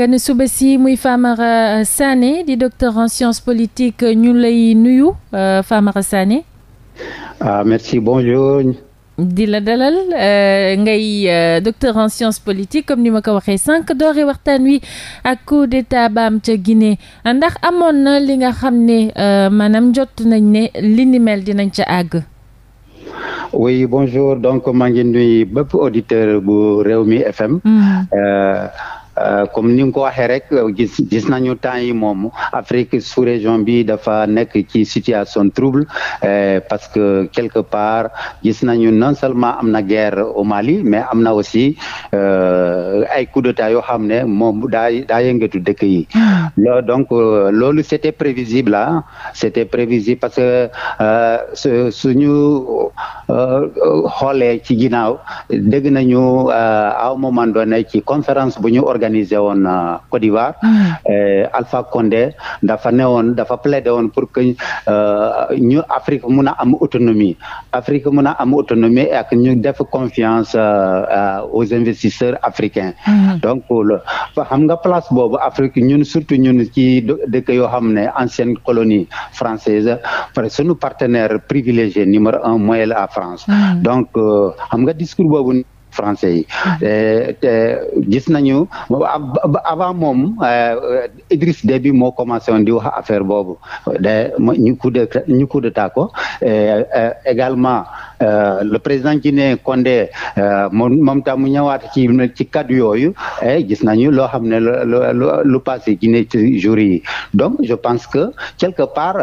kenn suba si muy Famara Sané di docteur en sciences politiques ñu lay nuyu euh, faamara Sané. ah merci bonjour. di la dalal euh, ngay euh, docteur en sciences politiques comme ni ma ko waxee sànq doore waxtaan wi ak coup d'état baam ca Guinée ndax amoon na li nga xam ne maanaam jot nañ ne li mel dinañ ca àgg. oui bonjour donc maa ngi nuyu bépp auditeur réew mi FM. Mm. Euh, comme ni nga ko waxee rek gis gis nañu temps yi moom Afrique sous région bi dafa nekk ci situation trouble euh, parce que quelque part gis nañu non seulement am na guerre au Mali mais am na aussi euh, ay coup d'état yoo xam ne moom daa daa yëngatu dëkk yi. loolu donc loolu c' était prévisible ah c' prévisible parce que su suñu xoolee ci ginnaaw dégg nañu à moment donné ci conférence bu ñu organisé woon euh, Côte d'Ivoire. Mm. Euh, Alpha Condé dafa ne woon dafa plaidé woon pour que euh, ñu Afrique mun a am autonomie Afrique mun a am autonomie ak ñu def confiance aux investisseurs africains. Mm. donc xam nga place boobu Afrique ñun surtout ñu ci dëkk yoo xam ne ancienne colonie française parce que sunu partenaire privilégié numéro un mooy la France. Mm. donc xam nga discours boobu. français yi eh, te gis nañu avant moom eh, Idriss Déby moo commencé woon di wax affaire boobu de ñu coup de ñu coup d'état ko eh, également le président guinéen Condé moom moom tam mu ñëwaat ci ci kaddu yooyu gis nañu loo xam ne lu passé Guinée ci jour yi donc je pense que quelque part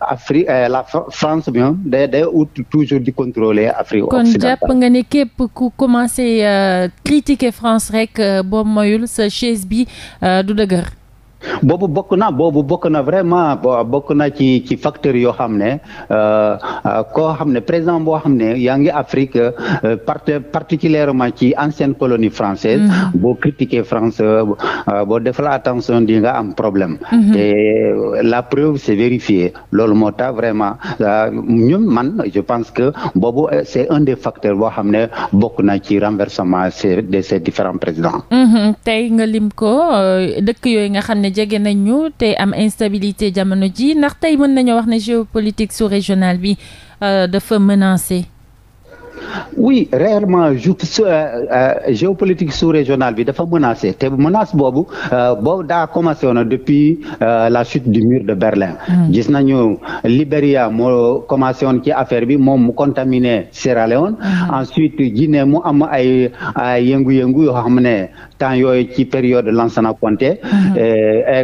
Afrique la France bi moom day day ut toujours di contrôler Afrique occidentale kon jàpp nga ne commencé euh, critiquer France rek euh, boo moyul sa chaise bi euh, du dëgër. boobu bokk na boobu bokk na vraiment bokk na ci ci facteur yoo xam ne euh, euh, koo xam ne président boo xam ne yaa ngi Afrique euh, part particulièrement ci ancienne colonie française mm-hmm. boo critiquer France boo defal attention di nga am problème mm-hmm. te la preuve c'est vérifié loolu moo tax vraiment ñun man je pense que boobu c'est un des facteurs boo xam ne bokk na ci renversement de ces différents présidents mm-hmm. tey nga lim ko dëkk yooyu nga xam ne jege nañu te am instabilité jamono ji ndax tey mën nañoo wax ne géopolitique sous régionale bi euh, dafa menacé oui réellement ju euh, euh, géopolitique sous-régionale bi dafa menacé te menace boobu euh, boobu daa commencé woon depuis la chute du mur de Berlin. Hmm. gis nañu Libéria moo commencé woon ci affaire bi moom mu contaminé Sierra Leone. Hmm. ensuite Guinée mu am ay yëngu-yëngu yoo xam ne temps yooyu ci période Lansana Conté. Hmm.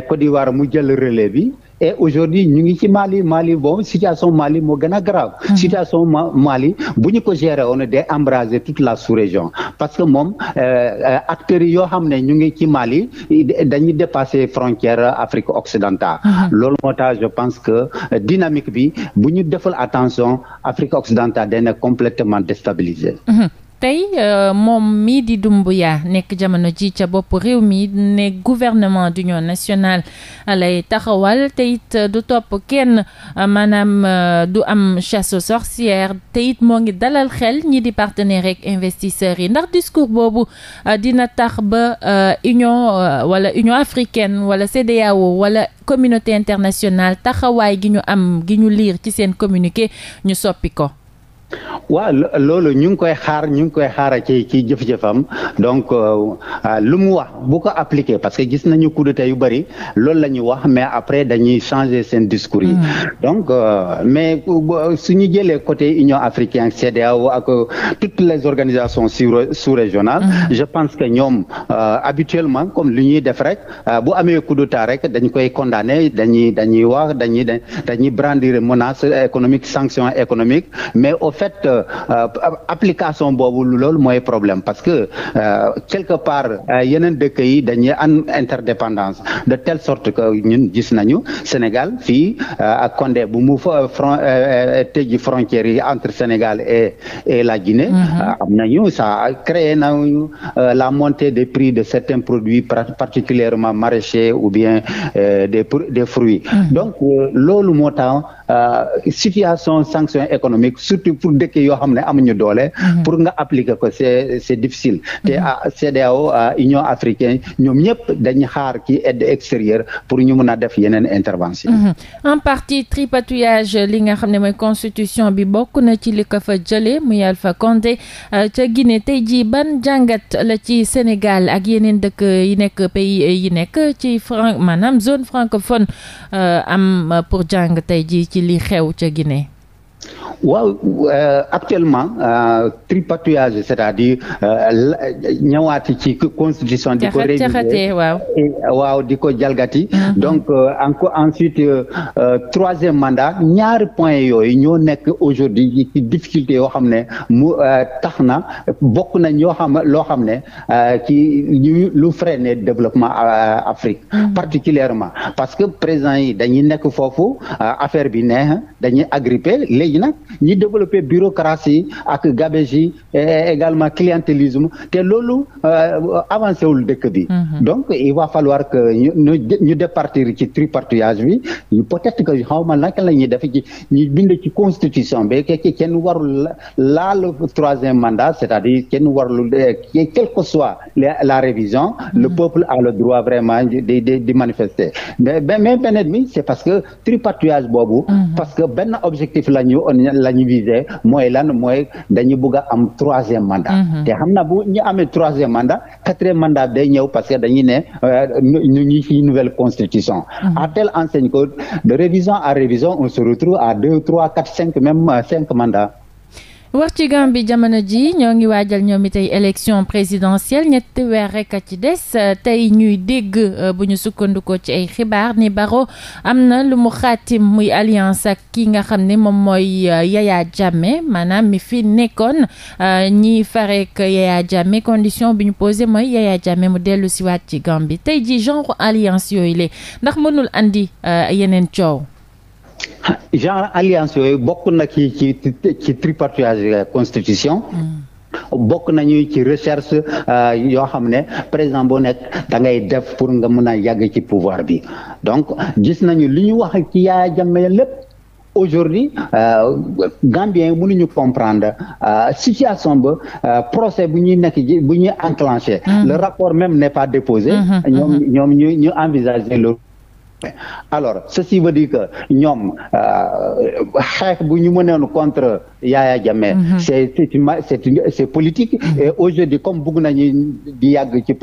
Côte d'Ivoire mu jël relais bi. et aujourd'hui ñu ngi ci Mali Mali bon situation Mali moo gën a grave hmm. situation Mali bu ñu ko gérer woon day embraser toute la sous-région parce que moom euh, acteurs yi yoo xam ne ñu ngi ci Mali dañuy dépasser frontière Afrique occidentale hmm. loolu moo tax je pense que euh, dynamique bi bu ñu defal attention Afrique occidentale dana complètement déstabilisée hmm. tey euh, moom mii di Doumbouya nekk jamono ji ca bopp réew mi ne gouvernement d'union nationale lay taxawal te euh, du topp kenn euh, maanaam du am chasse aux sorcières te it moo ngi dalal xel ñi di partenaires rek investisseurs yi ndax discours boobu dina tax ba union wala union africaine wala CEDEAO wala communauté internationale taxawaay gi ñu am gi ñu liir ci seen communiqué ñu soppi ko waaw loolu ñu ngi koy xaar ñu ngi koy xaara ci ci jëf-jëfam donc euh, ah, lu mu wax bu ko appliqué parce que gis nañu coup d'état yu bëri loolu la ñuy wax mais après dañuy changer seen discours yi. Hmm. donc euh, mais ñu jëlee côté Union africaine CEDEAO ak euh, toutes les organisations sous-régionales. Hmm. je pense que ñoom habituellement comme lu ñuy def rek bu amee coup rek dañ koy condamné dañuy dañuy wax dañuy dañuy brandir menace économique sanction économique mais fait euh, euh, application boobu loolu mooy problème parce que euh, quelque part yeneen dëkk yi dañuy am interdépendance de telle sorte que ñun gis nañu Sénégal fii ak Condé bu mu fo front tëj frontières yi entre Sénégal et et la Guinée. Mm-hmm. am nañu ça créé nañu la montée des prix de certains produits particulièrement maraîchers ou bien des des fruits. Mm-hmm. donc loolu moo tax situation sanction économique surtout surtout dëkk yoo xam ne amuñu doole. Mhm. pour nga appliquer ko c'est c'est difficile. te mhm. o Union africaine ñoom ñëpp dañu xaar ci aide extérieure pour ñu mun a def yeneen intervention. Mhm. en partie tripatouillage li nga xam ne mooy constitution bi bokk na ci li ko fa mu muy fa Condé euh, ca Guinée tey jii ban jàngat la ci Sénégal ak yeneen dëkk yi nekk pays yi nekk ci franc maanaam zone francophone euh, am pour jàng tey jii ci li xew ca Guinée. waaw euh, actuellement euh, tripatouillage c'est-à-dire euh, ñëwaati ci constitution. di ko réviser waaw di ko jalgati. Ah. donc encore ensuite troisième mandat ñaari point yooyu ñoo nekk aujourd'hui ci difficulté yoo xam ne mu tax na bokk na ñoo xam loo xam ne ci lu freiner développement Afrique. Ah. particulièrement parce que président yi dañuy nekk foofu affaire bi neex dañuy agrippé léegi nag. ñi développé bureaucratie ak gabégie et également clientélisme te loolu euh, avancé wul dëkk bi. Mm-hmm. donc il va falloir que ñu ñu départir ci tripartillage bi peut-être que xaw ma naka la ñuy def ci ñu bind ci constitution bi que kenn warul laal troisième mandat c'est-à-dire kenn warul euh, quelle que soit la révision mm-hmm. le peuple a le droit vraiment di di manifester mais mais beneen bi c'est parce que tripartillage boobu mm-hmm. parce que benn objectif la ñu la ñu visé mooy lan mooy dañu bëgg a am troisième mandat. Mhm. te xam na bu ñu amee troisième mandat quatrième mandat day ñëw parce que dañuy ne euh, ñu ñu ci nouvelle constitution. Mhm. à telle enseigne que de révision à révision on se retrouve à deux trois quatre cinq même euh, cinq mandats. wax ci Gambie jamono ji ñoo ngi waajal ñoom i tey élection présidentielle ñetti weer rek a ci des tey ñuy dégg euh, bu ñu sukkandikoo ci ay xibaar ni Barrow am na lu mu xaatim muy alliance ak ki nga xam ne moom mooy euh, Yaya Jammeh maanaam mi fi nekkoon euh, ñi farek Yaya Jammeh condition bi ñu posé mooy Yaya Jammeh mu dellu siwaat ci Gambie tey ji genre alliance yooyu le ndax mënul andi yeneen coow genre alliance yooyu bokk na ci ci ci tripartage constitution. Hmm. bokk nañu ci recherche euh, yoo xam ne président bu nekk da ngay def pour nga mën a yàgg ci pouvoir bi donc gis nañu lu ñu wax ci Yaya Jammeh lépp aujourd'hui euh, Gambien mënuñu comprendre euh, situation ba procès bu ñuy nekk bu ñuy enclenché. Hmm. le rapport même n'est pas déposé. Hmm. ñoom ñu ñu alors ceci veut dire que ñoom euh, xeex bu ñu mënoon contre Yaya Jammeh mm-hmm. c'est c'est politique mm-hmm. et aujourd'hui comme bugg nañu di yàgg ci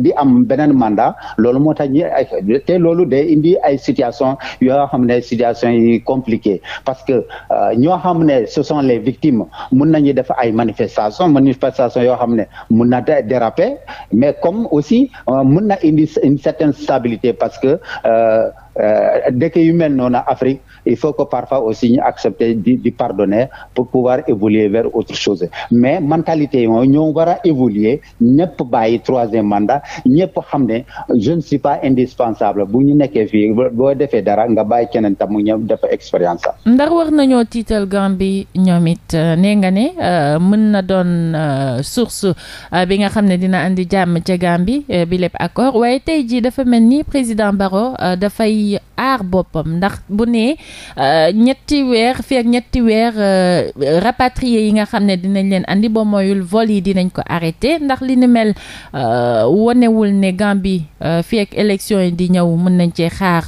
di am beneen mandat loolu moo tax ñu te loolu day indi ay situation yoo xam ne situation yi compliquée parce que euh, ñoo xam ne ce sont les victimes mun nañu def ay manifestation manifestation yoo xam ne mun na de déraper mais comme aussi euh, mun na indi une certaine stabilité parce que Euh, dëkk yu mel noonu Afrique il faut que parfois aussi ñu accepter di di pardonner pour pouvoir évoluer vers autre chose mais mentalité yi ñoo war a évoluer ñëpp bàyyi troisième mandat ñëpp xam ne je ne suis pas indispensable bu ñu nekkee fii boo defee dara nga bàyyi keneen tam mu ñëw dafa expérience am. ndax war nañoo tiital Gambie ñoom it euh, nee nga ne euh, mën na doon source bi nga xam ne dina indi jàmm ca Gambie bi lépp accord waaye tey jii dafa mel ni président ci aar boppam ndax bu ne euh, ñetti weer fii ak ñetti weer euh, rapatrié yi nga xam ne dinañ leen indi ba mooyul vol yi dinañ ko arrêté ndax li ni mel euh, wonewul ne Gambie fii ak élection yi di ñëw mën nañ cee xaar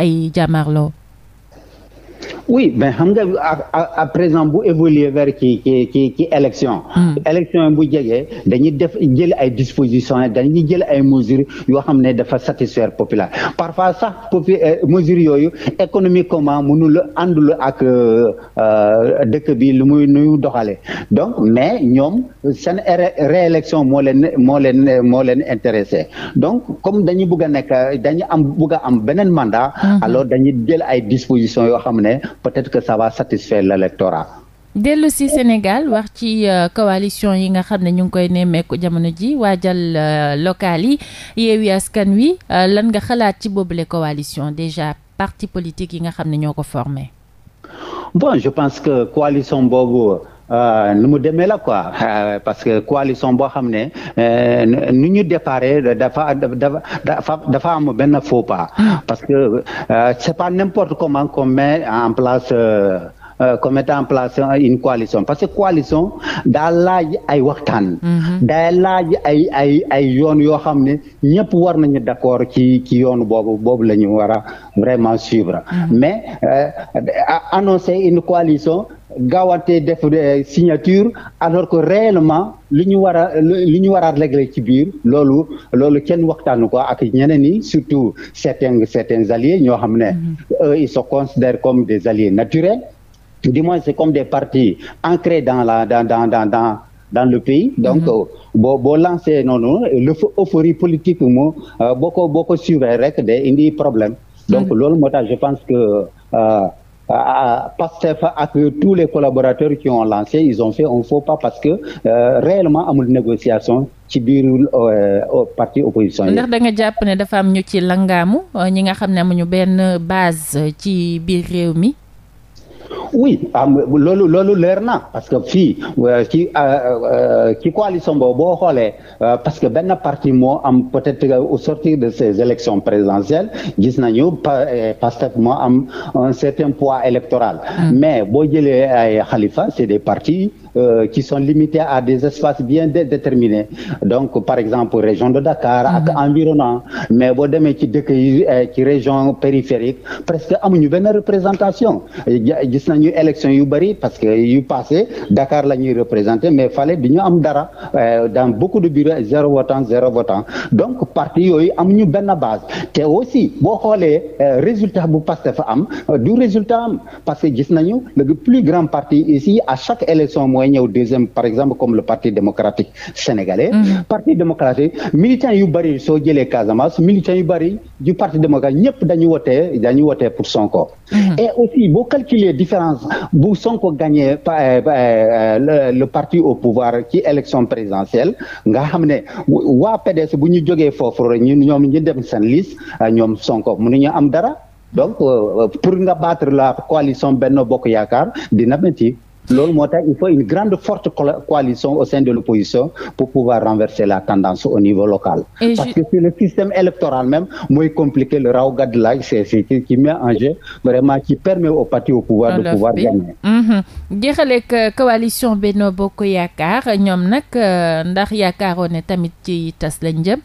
ay jàmmarloo oui mais xam nga à présent bu évoluer vers ci ci ci ci élection hmm. élection bu jege dañuy def jël ay dispositions dañuy jël ay mesures yoo xam ne dafa satisfaire populaire parfois sax popu euh, mesures yooyu économiquement mënul àndul ak euh, euh, dëkk bi lu muy nuyu doxale donc mais ñoom seen réélection moo leen moo leen moo leen intéressé donc comme dañuy bëgg a nekk dañu am bëgg am beneen mandat hmm. alors dañuy jël ay dispositions yoo xam ne peut-être que ça va satisfaire l'électorat dellu si Sénégal wax ci euh, coalition yi nga xam ne ñu ngi koy nemmeeku jamono ji waajal euh, local yi Yewwi Askan Wi euh, lan nga xalaat ci boobule coalition déjà parti politique yi nga xam ne ñoo ko formé bon je pense que coalition boobu Euh, nu mu demee la quoi euh, parce que coalition boo xam ne euh, nu ñu déparé dafa dafa dafa am benn faux pas ah. parce que c'est pas n'importe comment qu'on met en place. comme euh, étant place une coalition parce que coalition daa laaj ay waxtaan. Mhm. daa laaj ay ay ay yoon yoo xam ne ñëpp war nañu d'accord ci ci yoon boobu boobu la ñu war a vraiment suivre. Mhm. mais euh, annoncer une coalition. gaawante def euh, signature alors que réellement li ñu war a li ñu war a ci biir loolu loolu kenn waxtaanu ko ak ñeneen ñi surtout certains certains alliés ñoo xam ne mhm. ils se considèrent comme des alliés naturels du moins c'est comme des partis ancrés dans la dans dans dans dans, dans le pays donc mhm. euh, boo boo lancé noonu l'euphorie politique moo euh, boo ko boo ko suivre rek de indi problème donc mhm. loolu moo tax je pense que euh, Pastef ak tous les collaborateurs qui ont lancé ils ont fait un faux pas parce que euh, réellement amul négociation ci biir euh, parti opposition yi. ndax da nga ne dafa am ñu ci langaamu ñi nga xam ne amuñu benn base ci biir réew mi. oui am ah, loolu loolu leer na parce que fii euh, ci euh, euh, ci coalition boobu boo xoolee parce que benn parti moo am peut-être au sortir de ces élections présidentielles gis nañu Pastef moo am un certain poids électoral mm. mais boo jëlee ay Khalifa c'est des partis euh, qui sont limités des espaces bien déterminés donc par exemple région de Dakar ak mhm. environnement mais boo demee ci dëkk yi euh, ci région périphérique presque amuñu benn représentation gis nañu élection yu bëri parce que yu passé Dakar la ñuy représenté mais fale bi ñu am dara euh, dans beaucoup de bureaux zéro votant zéro votant donc parti yooyu amuñu benn base te aussi boo xoolee euh, résultat bu Pastef am du résultat am parce que gis nañu le plus grand parti ici à chaque damay ñëw deuxième par exemple comme le parti démocratique sénégalais. Mm-hmm. parti démocratique militants yu bëri soo jëlee Casamance militants yu bëri du parti démocratique ñëpp dañu wotee dañu wotee pour Sonko. Mm-hmm. et aussi boo calculer différence bu Sonko gagné euh, euh, le parti au pouvoir ci élection présidentielle nga xam ne waa PDS bu ñu jógee foofu rek ñoom ñu dem seen liste euh, ñoom Sonko mënuñu am dara donc pour nga battre la coalition Benno Bokk Yaakaar dina métti loolu moo tax il faut une grande forte coalition au sein de l'opposition pour pouvoir renverser la tendance au niveau local Et parce je... que c'est le système électoral même mooy compliqué le raw gàddu laaj c'est c'est qui met en jeu vraiment qui permet au parti au pouvoir de pouvoir gagner mm-hmm. jeexaleeg euh, coalition Benno Bokk Yaakaar ñoom nag euh, ndax yaakaaroo ne tamit ci tas lañ jëm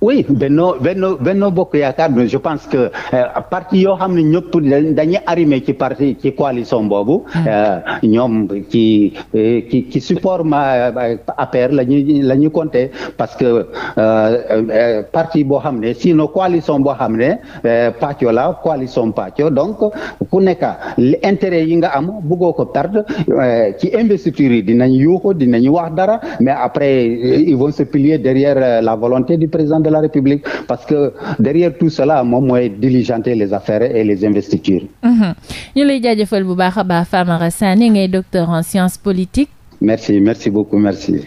oui Benno Benno Benno Bokk Yaakaar mais je pense que euh, parti yoo xam ne ñëpp dañu arrimer ci parti ci coalition boobu. Hmm. Euh, ñoom ci euh, ci ci support ma APR la ñuy la ñuy compter parce que parti boo xam ne sinon coalition boo xam ne pàcco la coalition pàcco donc ku nekk intérêt yi nga am bëggoo ko perdre ci investiture yi dinañ yuuxu dinañ wax dara mais après ils vont se plier derrière la volonté du président. président de la République parce que derrière tout cela moom mooy diligenter les affaires et les investitures. Mhm. ñu lay jaajëfal bu baax a baax Famara Sané ngay docteur en sciences politiques. merci merci beaucoup merci.